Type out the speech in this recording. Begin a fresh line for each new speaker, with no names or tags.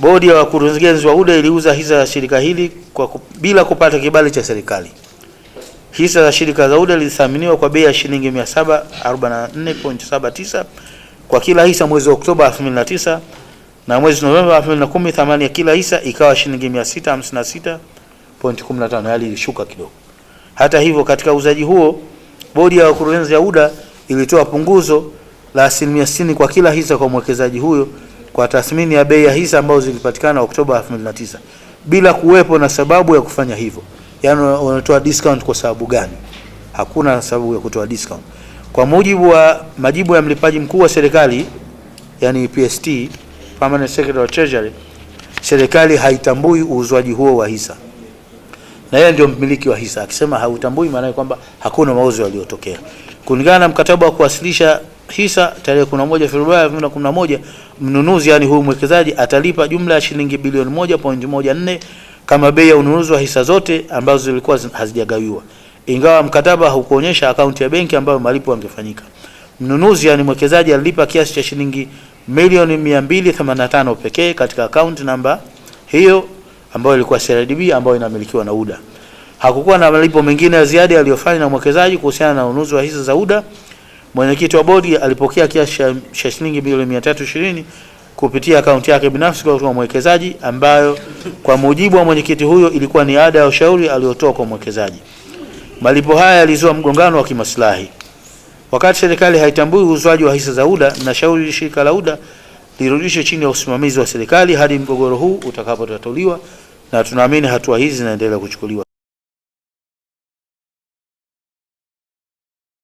Bodi ya wakurugenzi wa UDA iliuza hisa za shirika hili kwa kup, bila kupata kibali cha serikali. Hisa za shirika za UDA lilithaminiwa kwa bei ya shilingi 744.79 kwa kila hisa mwezi Oktoba 2009 na mwezi Novemba 2010 thamani ya kila hisa ikawa shilingi 656.15, hali ilishuka kidogo. Hata hivyo, katika uzaji huo bodi ya wakurugenzi ya UDA ilitoa punguzo la asilimia 60 kwa kila hisa kwa mwekezaji huyo kwa tathmini ya bei ya hisa ambazo zilipatikana Oktoba 2009 bila kuwepo na sababu ya kufanya hivyo. Yaani wanatoa discount kwa sababu gani? Hakuna sababu ya kutoa discount. Kwa mujibu wa majibu ya mlipaji mkuu wa serikali, yani PST, Permanent Secretary of Treasury, serikali haitambui uuzwaji huo wa hisa, na yeye ndio mmiliki wa hisa. Akisema hautambui, maana kwamba hakuna mauzo yaliyotokea kulingana na mkataba wa kuwasilisha hisa tarehe 11 Februari 2011 mnunuzi yani huyu mwekezaji atalipa jumla ya shilingi bilioni nne kama bei ya ununuzi wa hisa zote ambazo zilikuwa hazijagawiwa, ingawa mkataba haukuonyesha akaunti ya benki ambayo malipo yangefanyika. Mnunuzi yani mwekezaji alilipa kiasi cha shilingi milioni 285 pekee katika akaunti namba hiyo ambayo ilikuwa CRDB ambayo inamilikiwa na UDA. Hakukuwa na malipo mengine ya ziada yaliyofanywa na mwekezaji kuhusiana na ununuzi wa hisa za UDA. Mwenyekiti wa bodi alipokea kiasi cha shilingi milioni 320 kupitia akaunti yake binafsi kutoka mwekezaji, ambayo kwa mujibu wa mwenyekiti huyo ilikuwa ni ada ya ushauri aliyotoa kwa mwekezaji. Malipo haya yalizua mgongano wa kimaslahi. Wakati serikali haitambui uuzwaji wa hisa za UDA, na shauri shirika la UDA lirudishwe chini ya usimamizi wa serikali hadi mgogoro huu utakapotatuliwa, na tunaamini hatua hizi zinaendelea kuchukuliwa.